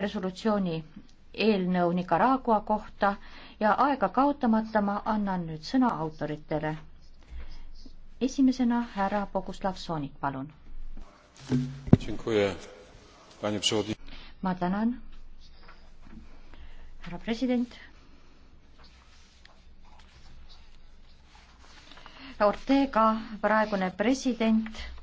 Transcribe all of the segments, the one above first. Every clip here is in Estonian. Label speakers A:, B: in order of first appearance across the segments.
A: resolutsiooni eelnõu Nicaragua kohta ja aega kaotamata ma annan nüüd sõna autoritele. esimesena härra Boguslav Soonik, palun. ma tänan, härra president. Ortega, praegune president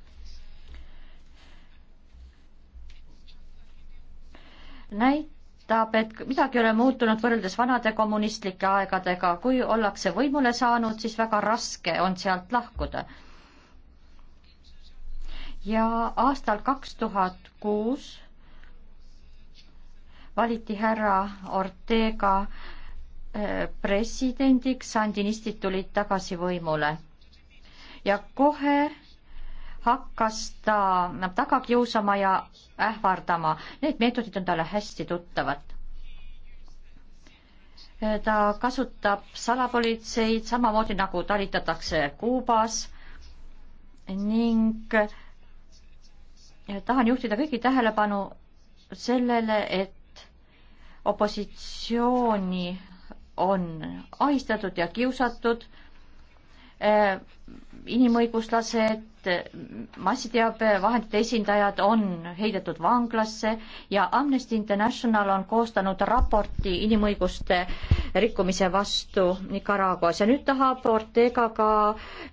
A: näitab, et midagi ei ole muutunud võrreldes vanade kommunistlike aegadega, kui ollakse võimule saanud, siis väga raske on sealt lahkuda. ja aastal kaks tuhat kuus valiti härra Ortega äh, presidendiks, sandinistid tulid tagasi võimule ja kohe hakkas ta taga kiusama ja ähvardama. Need meetodid on talle hästi tuttavad. ta kasutab salapolitseid samamoodi nagu talitatakse Kuubas ning tahan juhtida kõigi tähelepanu sellele, et opositsiooni on ahistatud ja kiusatud inimõiguslased, massiteabevahendite esindajad on heidetud vanglasse ja Amnesty International on koostanud raporti inimõiguste rikkumise vastu Nicaraguas ja nüüd tahab Ortega ka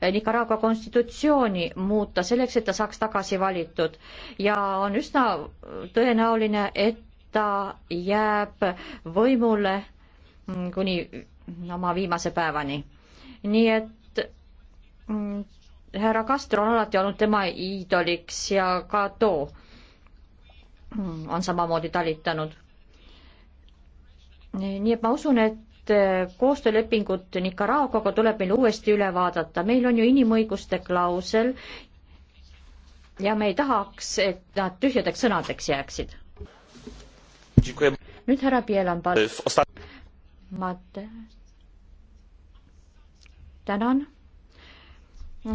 A: Nicaragua konstitutsiooni muuta selleks, et ta saaks tagasi valitud ja on üsna tõenäoline, et ta jääb võimule kuni oma viimase päevani. nii et härra Castro on alati olnud tema iidoliks ja ka too on samamoodi talitanud. nii et ma usun, et eh, koostöölepingut Nicaraguaga tuleb meil uuesti üle vaadata, meil on ju inimõiguste klausel ja me ei tahaks, et nad tühjadeks sõnadeks jääksid. nüüd härra Pielan, palun. ma tänan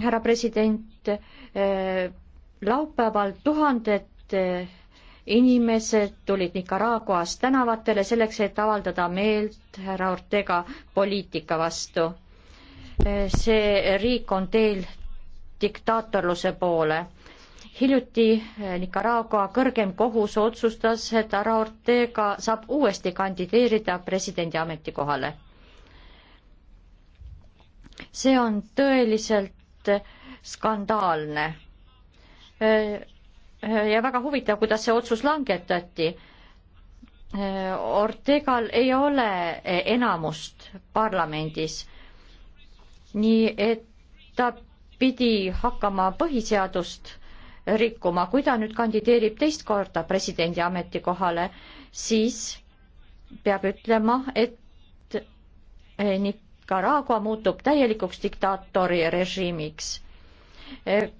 A: härra president, eh, laupäeval tuhanded eh, inimesed tulid Nicaraguas tänavatele selleks, et avaldada meelt härra Ortega poliitika vastu. Eh, see riik on teel diktaatorluse poole. hiljuti Nicaragua kõrgem kohus otsustas, et härra Ortega saab uuesti kandideerida presidendi ametikohale. see on tõeliselt skandaalne. ja väga huvitav, kuidas see otsus langetati. Ortegal ei ole enamust parlamendis. nii et ta pidi hakkama põhiseadust rikkuma, kui ta nüüd kandideerib teist korda presidendi ametikohale, siis peab ütlema, et eh, Nik-, Nicaragua muutub täielikuks diktaatori režiimiks. Eh,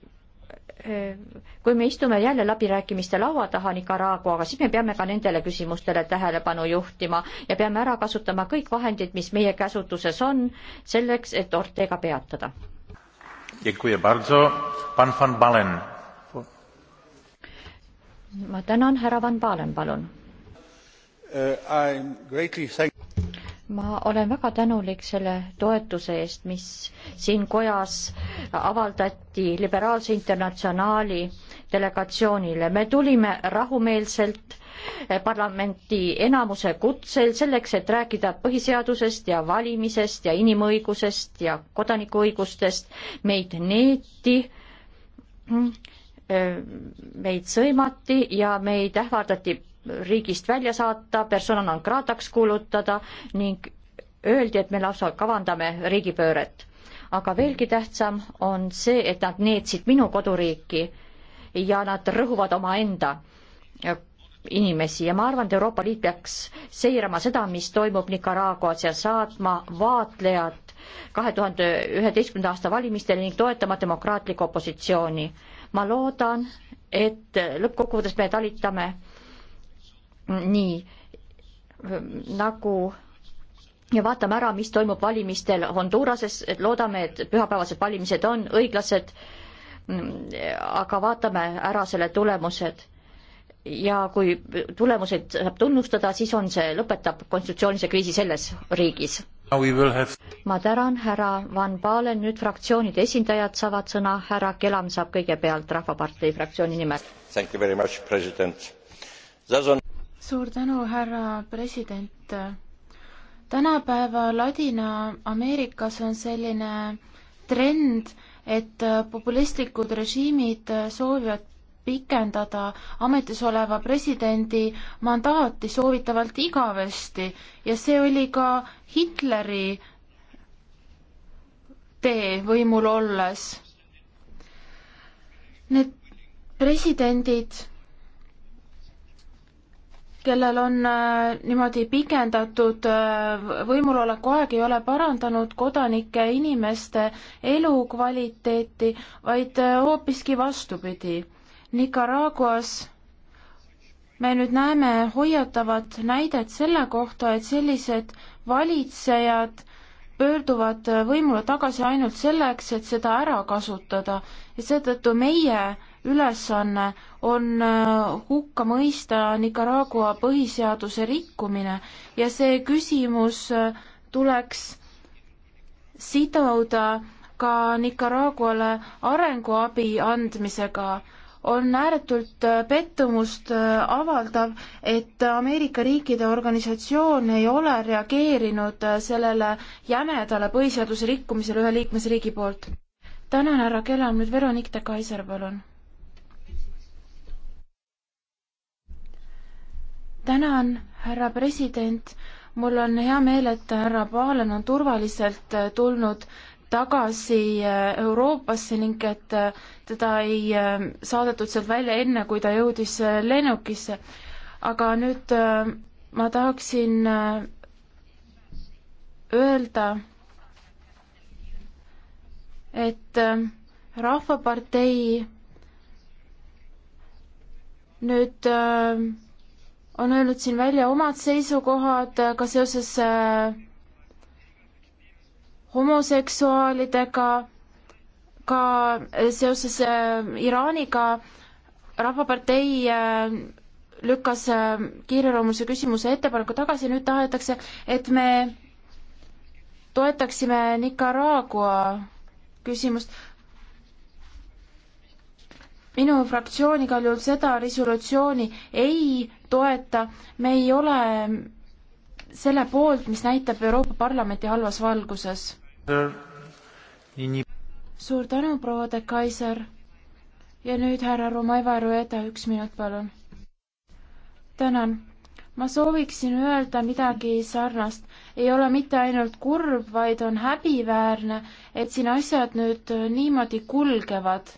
A: eh, kui me istume jälle läbirääkimiste laua taha Nicaraguaga, siis me peame ka nendele küsimustele tähelepanu juhtima ja peame ära kasutama kõik vahendid, mis meie käsutuses on, selleks, et Ortega peatada. ma tänan, härra Van Balen, palun.
B: Eh,
A: ma olen väga tänulik selle toetuse eest, mis siin kojas avaldati liberaalse internatsionaali delegatsioonile. me tulime rahumeelselt parlamenti enamuse kutsel selleks, et rääkida põhiseadusest ja valimisest ja inimõigusest ja kodanikuõigustest. meid neeti, meid sõimati ja meid ähvardati riigist välja saata, persona non grataks kuulutada ning öeldi, et me lausa kavandame riigipööret. aga veelgi tähtsam on see, et nad neetsid minu koduriiki ja nad rõhuvad omaenda inimesi ja ma arvan, et Euroopa Liit peaks seirama seda, mis toimub Nicaraguas ja saatma vaatlejad kahe tuhande üheteistkümnenda aasta valimistel ning toetama demokraatlikku opositsiooni. ma loodan, et lõppkokkuvõttes me talitame nii nagu ja vaatame ära, mis toimub valimistel Honduras'es, et loodame, et pühapäevased valimised on õiglased. aga vaatame ära selle tulemused. ja kui tulemuseid saab tunnustada, siis on see, lõpetab konstitutsioonilise kriisi selles riigis. Have... ma tänan, härra Van Palen, nüüd fraktsioonide esindajad saavad sõna, härra Kelam saab kõigepealt Rahvapartei fraktsiooni nimel. On
C: suur tänu, härra president. tänapäeva Ladina-Ameerikas on selline trend, et populistlikud režiimid soovivad pikendada ametis oleva presidendi mandaati soovitavalt igavesti ja see oli ka Hitleri tee võimul olles. Need presidendid kellel on äh, niimoodi pikendatud äh, võimuloleku aeg, ei ole parandanud kodanike, inimeste elukvaliteeti, vaid äh, hoopiski vastupidi. Nicaraguas me nüüd näeme hoiatavat näidet selle kohta, et sellised valitsejad pöörduvad võimule tagasi ainult selleks, et seda ära kasutada ja seetõttu meie ülesanne on äh, hukka mõista Nicaragua põhiseaduse rikkumine ja see küsimus äh, tuleks siduda ka Nicaraguale arenguabi andmisega. on ääretult äh, pettumust avaldav, et Ameerika riikide organisatsioon ei ole reageerinud sellele jämedale põhiseaduse rikkumisele ühe liikmesriigi poolt. tänan, härra Kelam, nüüd Veronika Kaiser, palun tänan, härra president. mul on hea meel, et härra Pahlen on turvaliselt äh, tulnud tagasi äh, Euroopasse ning et äh, teda ei saadetud sealt välja enne, kui ta jõudis lennukisse. aga nüüd ma tahaksin öelda, et Rahvapartei nüüd äh, on öelnud siin välja omad seisukohad äh, ka seoses äh, homoseksuaalidega, ka äh, seoses Iraaniga Rahvapartei lükkas kiireloomulise küsimuse ettepaneku tagasi, nüüd tahetakse, et me toetaksime Nicaragua küsimust. minu fraktsioon igal juhul seda resolutsiooni ei toeta, me ei ole selle poolt, mis näitab Euroopa Parlamenti halvas valguses. suur tänu, proua de Kaiser. ja nüüd härra Romaiva Rueda, üks minut, palun. tänan. ma sooviksin öelda midagi sarnast. ei ole mitte ainult kurb, vaid on häbiväärne, et siin asjad nüüd niimoodi kulgevad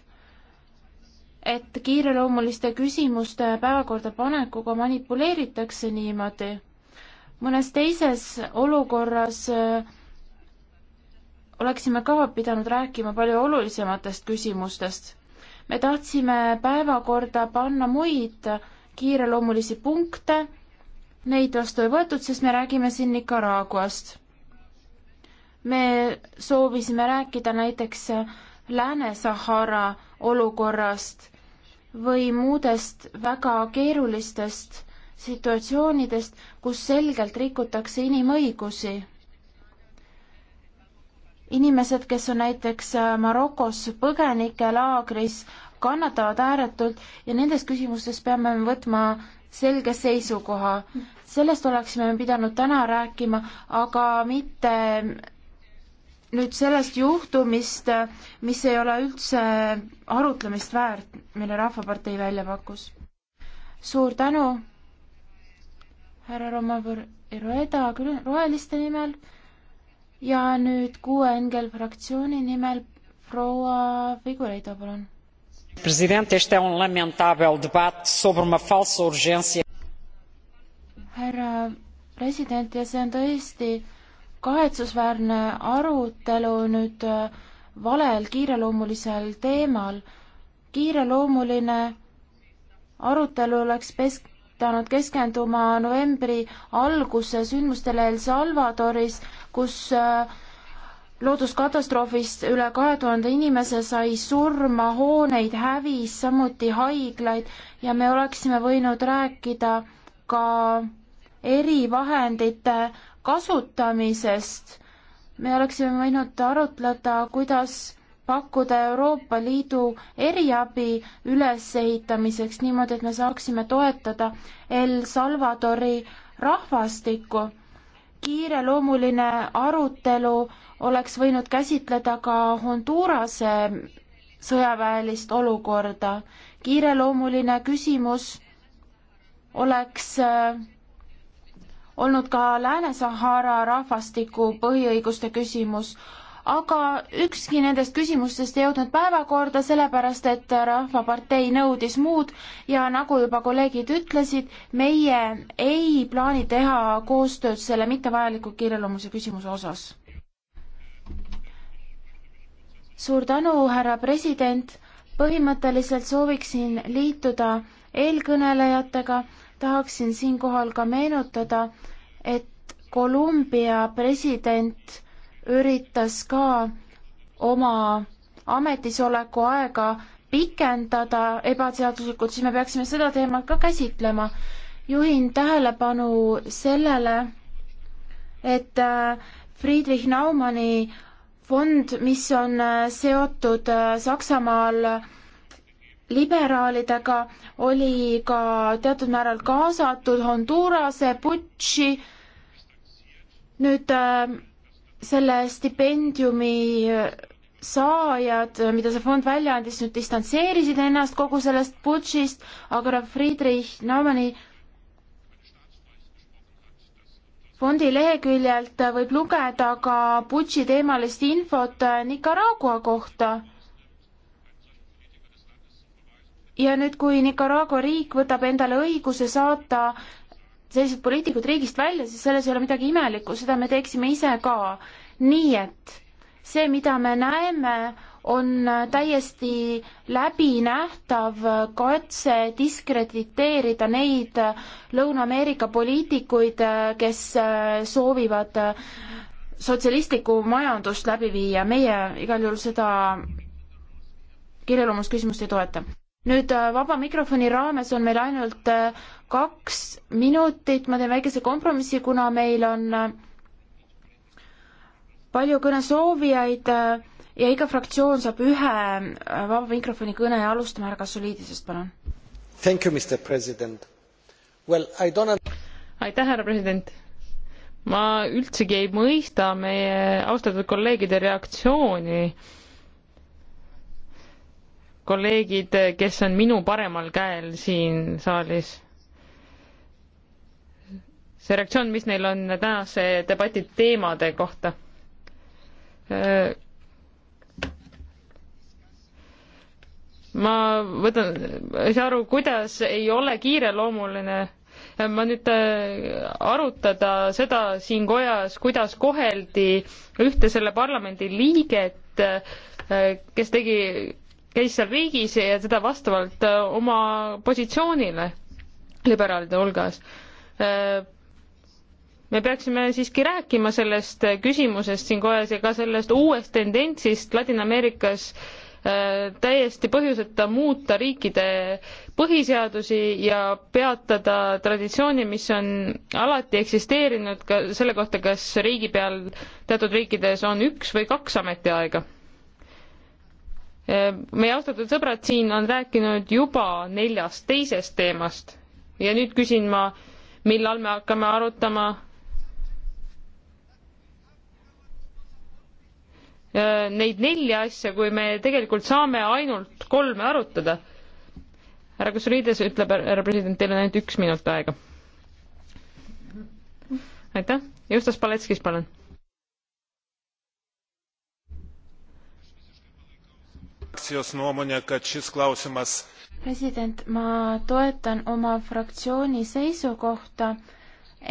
C: et kiireloomuliste küsimuste päevakorda panekuga manipuleeritakse niimoodi. mõnes teises olukorras äh, oleksime ka pidanud rääkima palju olulisematest küsimustest. me tahtsime päevakorda panna muid kiireloomulisi punkte, neid vastu ei võetud, sest me räägime siin Nicaraguast. me soovisime rääkida näiteks Lääne-Sahara olukorrast või muudest väga keerulistest situatsioonidest, kus selgelt rikutakse inimõigusi. inimesed, kes on näiteks äh, Marokos põgenikelaagris, kannatavad ääretult ja nendes küsimustes peame me võtma selge seisukoha. sellest oleksime pidanud täna rääkima, aga mitte nüüd sellest juhtumist, mis ei ole üldse arutlemist väärt, mille Rahvapartei välja pakkus. suur tänu, härra Romavõr Roeda roheliste nimel ja nüüd kuue Engel fraktsiooni nimel proua Figureido, palun.
B: president, este on lamentabel debat sobre uma falsa urgencia.
C: härra president ja see on tõesti kahetsusväärne arutelu nüüd äh, valel kiireloomulisel teemal. kiireloomuline arutelu oleks pidanud keskenduma novembri alguse sündmustele El Salvadoris, kus äh, looduskatastroofist üle kahe tuhande inimese sai surma, hooneid hävis, samuti haiglaid ja me oleksime võinud rääkida ka erivahendite kasutamisest. me oleksime võinud arutleda, kuidas pakkuda Euroopa Liidu eriabi ülesehitamiseks niimoodi, et me saaksime toetada El Salvadori rahvastikku. kiireloomuline arutelu oleks võinud käsitleda ka Hondurase sõjaväelist olukorda. kiireloomuline küsimus oleks äh, olnud ka Lääne-Sahara rahvastiku põhiõiguste küsimus, aga ükski nendest küsimustest ei jõudnud päevakorda, sellepärast et Rahvapartei nõudis muud ja nagu juba kolleegid ütlesid, meie ei plaani teha koostööd selle mittevajaliku kiireloomulise küsimuse osas. suur tänu, härra president, põhimõtteliselt sooviksin liituda eelkõnelejatega tahaksin siinkohal ka meenutada, et Kolumbia president üritas ka oma ametisoleku aega pikendada ebaseaduslikult, siis me peaksime seda teemat ka käsitlema. juhin tähelepanu sellele, et äh, Friedrich Naumanni fond, mis on äh, seotud äh, Saksamaal liberaalidega oli ka teatud määral kaasatud Hondurase putši. nüüd äh, selle stipendiumi äh, saajad, äh, mida see fond välja andis, nüüd distantseerisid ennast kogu sellest putšist, aga Friedrich Naumanni fondi leheküljelt võib lugeda ka putši teemalist infot Nicaragua kohta ja nüüd, kui Nicaragua riik võtab endale õiguse saata sellised poliitikud riigist välja, siis selles ei ole midagi imelikku, seda me teeksime ise ka. nii et see, mida me näeme, on täiesti läbinähtav katse diskrediteerida neid Lõuna-Ameerika poliitikuid, kes soovivad sotsialistlikku majandust läbi viia, meie igal juhul seda kirjeloomusküsimust ei toeta nüüd äh, vaba mikrofoni raames on meil ainult äh, kaks minutit, ma teen väikese kompromissi, kuna meil on äh, palju kõnesoovijaid ja iga fraktsioon saab ühe vaba mikrofoni kõne ja alustame härra
B: Kasuliidisest, palun. Well, don't... aitäh, härra president. ma üldsegi ei mõista meie austatud kolleegide reaktsiooni äh, kolleegid, kes on minu paremal käel siin saalis. see reaktsioon, mis neil on tänase debati teemade kohta. ma võtan, ei saa aru, kuidas ei ole kiireloomuline ma nüüd äh, arutada seda siin kojas, kuidas koheldi ühte selle parlamendi liiget, äh, kes tegi käis seal riigis ja seda vastavalt äh, oma positsioonile liberaalide hulgas. Äh, me peaksime siiski rääkima sellest äh, küsimusest siin kojas ja ka sellest uuest tendentsist Ladina-Ameerikas täiesti põhjuseta muuta riikide põhiseadusi ja peatada traditsiooni, mis on alati eksisteerinud ka selle kohta, kas riigi peal teatud riikides on üks või kaks ametiaega meie austatud sõbrad siin on rääkinud juba neljast teisest teemast ja nüüd küsin ma, millal me hakkame arutama äh, neid nelja asja, kui me tegelikult saame ainult kolme arutada. härra Kusuriides ütleb, härra president, teil on ainult üks minut aega. aitäh, Justas Paletskis, palun
A: frakcijos nuomonę, kad šis klausimas
C: president, ma toetan oma fraktsiooni seisukohta,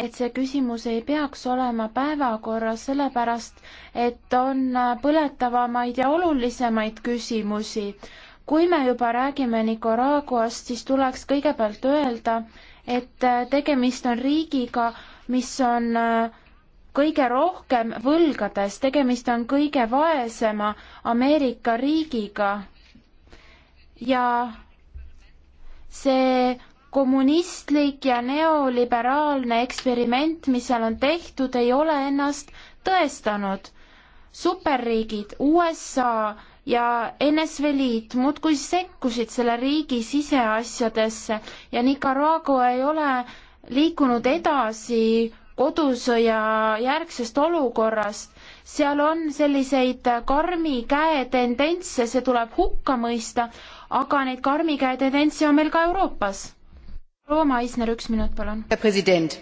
C: et see küsimus ei peaks olema päevakorras, sellepärast et on põletavamaid ja olulisemaid küsimusi. kui me juba räägime Nicaraguast, siis tuleks kõigepealt öelda, et tegemist on riigiga, mis on äh, kõige rohkem võlgades, tegemist on kõige vaesema Ameerika riigiga. ja see kommunistlik ja neoliberaalne eksperiment, mis seal on tehtud, ei ole ennast tõestanud. superriigid USA ja NSV Liit muudkui sekkusid selle riigi siseasjadesse ja Nicaragua ei ole liikunud edasi kodusõja järgsest olukorrast. seal on selliseid karmi käe tendentse, see tuleb hukka mõista, aga neid karmi käe tendentse on meil ka Euroopas. proua Maisner, üks minut, palun. president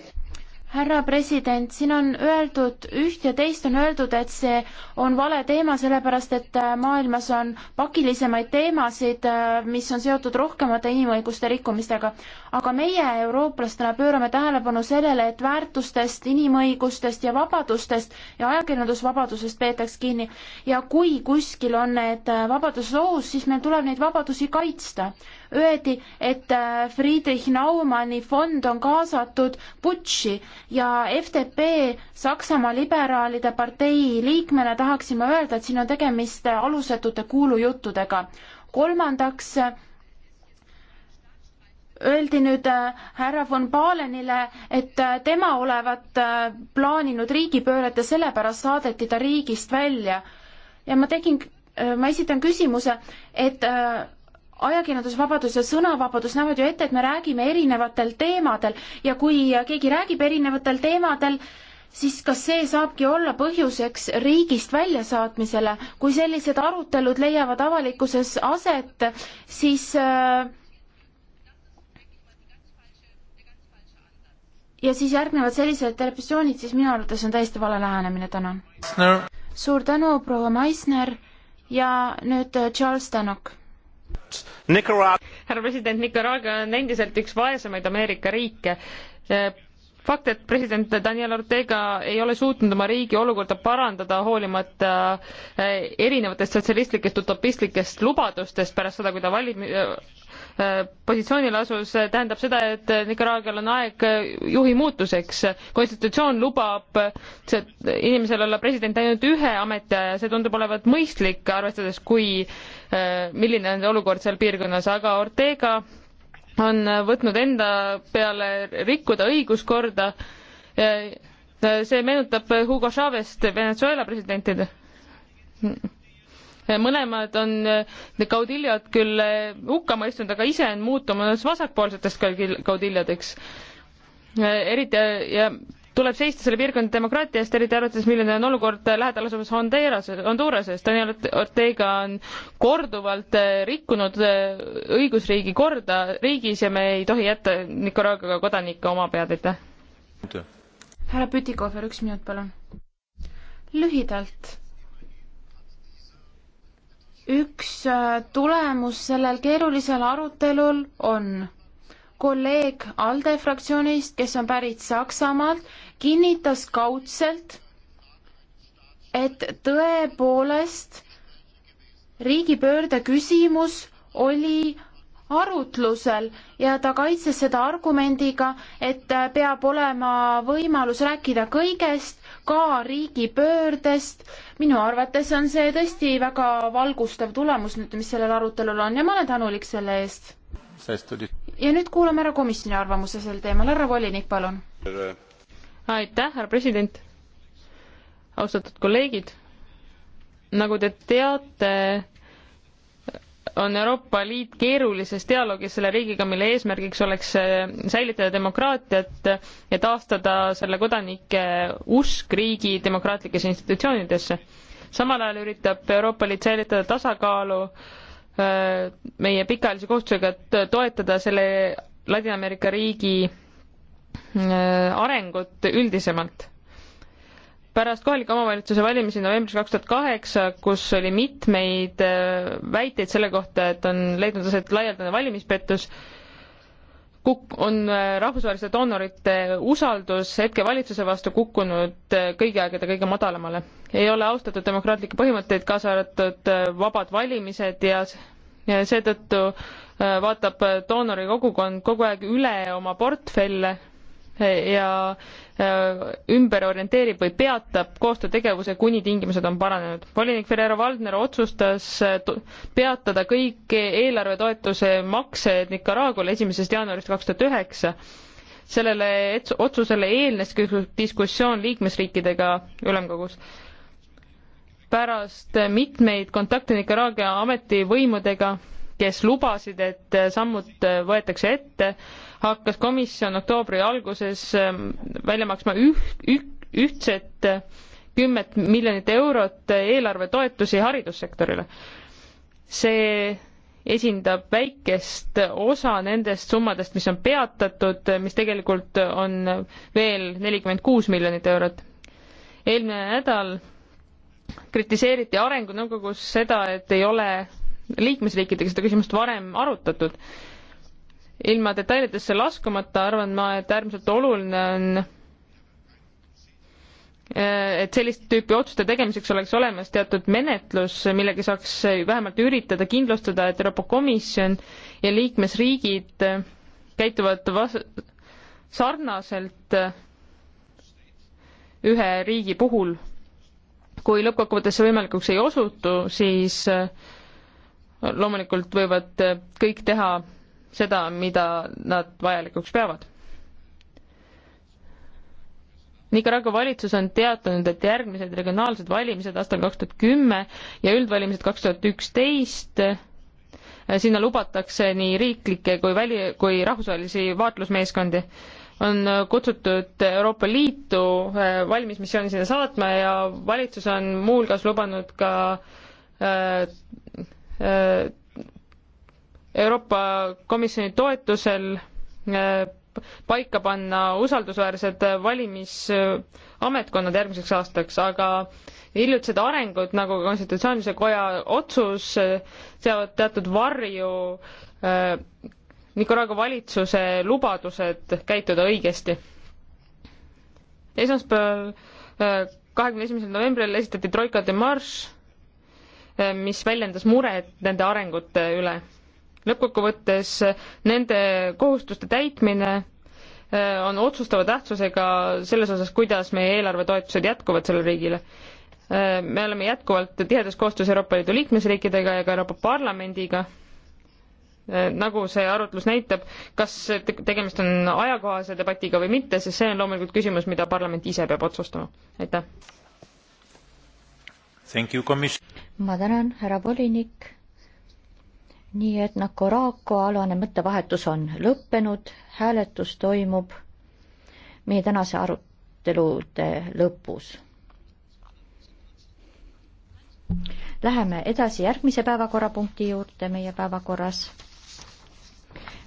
C: härra president, siin on öeldud üht ja teist on öeldud, et see on vale teema, sellepärast et äh, maailmas on pakilisemaid teemasid, äh, mis on seotud rohkemate inimõiguste rikkumistega. aga meie eurooplastena pöörame tähelepanu sellele, et väärtustest, inimõigustest ja vabadustest ja ajakirjandusvabadusest peetaks kinni. ja kui kuskil on need äh, vabadused ohus, siis meil tuleb neid vabadusi kaitsta öeldi, et äh, Friedrich Naumanni fond on kaasatud putši ja FDP, Saksamaa liberaalide partei liikmena tahaksime öelda, et siin on tegemist äh, alusetute kuulujuttudega. kolmandaks äh, öeldi nüüd härra von Balenile, et tema olevat plaaninud riigipööret ja sellepärast saadeti ta riigist välja. ja ma tegin, ma esitan küsimuse, et ajakirjandusvabadus ja sõnavabadus näevad ju ette, et me räägime erinevatel teemadel ja kui keegi räägib erinevatel teemadel, siis kas see saabki olla põhjuseks riigist väljasaatmisele? kui sellised arutelud leiavad avalikkuses aset, siis äh, ja siis järgnevad sellised repressioonid, siis minu arvates on täiesti vale lähenemine, tänan no.. suur tänu, proua Meissner ja nüüd äh, Charles Tanok
B: härra president, Nicaragua on endiselt üks vaesemaid Ameerika riike. Eh, fakt, et president Daniel Ortega ei ole suutnud oma riigi olukorda parandada, hoolimata eh, erinevatest sotsialistlikest utopistlikest lubadustest pärast seda, kui ta vali-, positsioonil asus, tähendab seda, et Nicaragual on aeg juhi muutuseks. konstitutsioon lubab inimesel olla president ainult ühe ametiaja, see tundub olevat mõistlik, arvestades, kui, äh, milline on olukord seal piirkonnas, aga Ortega on võtnud enda peale rikkuda õiguskorda. Äh, see meenutab Hugo Chavez'it, Venezuela presidentide mõlemad on kaudiljod küll eh, hukka mõistnud, aga ise on muutumas vasakpoolsetest kaudiljadeks. Eh, eriti eh, ja tuleb seista selle piirkonna demokraatia eest, eriti arvates, milline on olukord lähedal asuvas Honduras, Honduras'es. Daniel Ortega on korduvalt rikkunud õigusriigi korda riigis ja me ei tohi jätta Nicaraguaga kodanikke oma pead, aitäh.
C: härra Pütikofer, üks minut, palun. lühidalt üks äh, tulemus sellel keerulisel arutelul on kolleeg ALDE fraktsioonist, kes on pärit Saksamaalt, kinnitas kaudselt, et tõepoolest riigipöörde küsimus oli arutlusel ja ta kaitses seda argumendiga, et peab olema võimalus rääkida kõigest, ka riigipöördest. minu arvates on see tõesti väga valgustav tulemus nüüd, mis sellel arutelul on ja ma olen tänulik selle eest. ja nüüd kuulame ära komisjoni arvamuse sel teemal, härra volinik, palun.
B: aitäh, härra president. austatud kolleegid, nagu te teate on Euroopa Liit keerulises dialoogis selle riigiga, mille eesmärgiks oleks äh, säilitada demokraatiat ja taastada selle kodanike usk riigi demokraatlikesse institutsioonidesse. samal ajal üritab Euroopa Liit säilitada tasakaalu äh, meie pikaajalise kohustusega toetada selle Ladina-Ameerika riigi äh, arengut üldisemalt pärast kohalike omavalitsuse valimisi novembris kaks tuhat kaheksa, kus oli mitmeid äh, väiteid selle kohta, et on leidnud aset laialdane valimispettus, kuk-, on äh, rahvusvaheliste doonorite usaldus hetke valitsuse vastu kukkunud äh, kõigi aegade kõige madalamale. ei ole austatud demokraatlikke põhimõtteid, kaasa arvatud vabad valimised ja, ja seetõttu vaatab doonori kogukond kogu aeg üle oma portfelle ja ümber orienteerib või peatab koostöötegevuse, kuni tingimused on paranenud. volinik Ferrero Valdner otsustas peatada kõik eelarvetoetuse maksed Nicaraguale esimesest jaanuarist kaks tuhat üheksa. sellele otsusele eelnes diskussioon liikmesriikidega ülemkogus. pärast mitmeid kontakte Nicaragua ametivõimudega kes lubasid, et äh, sammud äh, võetakse ette, hakkas komisjon oktoobri alguses ähm, välja maksma üht, üht, ühtset äh, kümmet miljonit eurot eelarvetoetusi haridussektorile. see esindab väikest osa nendest summadest, mis on peatatud, mis tegelikult on veel nelikümmend kuus miljonit eurot. eelmine nädal kritiseeriti Arengunõukogus seda, et ei ole liikmesriikidega seda küsimust varem arutatud. ilma detailidesse laskumata arvan ma, et äärmiselt oluline on äh, et sellist tüüpi otsuste tegemiseks oleks olemas teatud menetlus, millega saaks vähemalt üritada kindlustada, et Euroopa Komisjon ja liikmesriigid äh, käituvad vas-, sarnaselt äh, ühe riigi puhul. kui lõppkokkuvõttes see võimalikuks ei osutu, siis loomulikult võivad kõik teha seda, mida nad vajalikuks peavad. Nicaragua valitsus on teatanud, et järgmised regionaalsed valimised aastal kaks tuhat kümme ja üldvalimised kaks tuhat üksteist äh, sinna lubatakse nii riiklikke kui väli, kui rahvusvahelisi vaatlusmeeskondi. on äh, kutsutud Euroopa Liitu äh, valmismissiooni sinna saatma ja valitsus on muuhulgas lubanud ka äh, Äh, Euroopa Komisjoni toetusel äh, paika panna usaldusväärsed valimisametkonnad järgmiseks aastaks, aga hiljutised arengud nagu konstitutsioonilise koja otsus äh, seavad teatud varju äh, Nicaragua valitsuse lubadused käituda õigesti. esmaspäeval, kahekümne esimesel novembril esitati Troika de Marche Eh, mis väljendas muret nende arengute üle. lõppkokkuvõttes eh, nende kohustuste täitmine eh, on otsustava tähtsusega selles osas, kuidas meie eelarvetoetused jätkuvad sellele riigile. me oleme jätkuvalt tihedas koostöös Euroopa Liidu liikmesriikidega ja ka Euroopa Parlamendiga nagu see arutlus näitab, kas tegemist on ajakohase debatiga või mitte, sest see on loomulikult küsimus, mida parlament ise peab otsustama. aitäh
A: ma tänan, härra volinik. nii et Nakorako noh, alane mõttevahetus on lõppenud, hääletus toimub meie tänase arutelude lõpus. Läheme edasi järgmise päevakorrapunkti juurde meie päevakorras.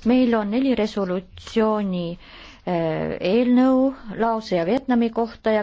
A: meil on neli resolutsiooni eh, eelnõu Laose ja Vietnami kohta ja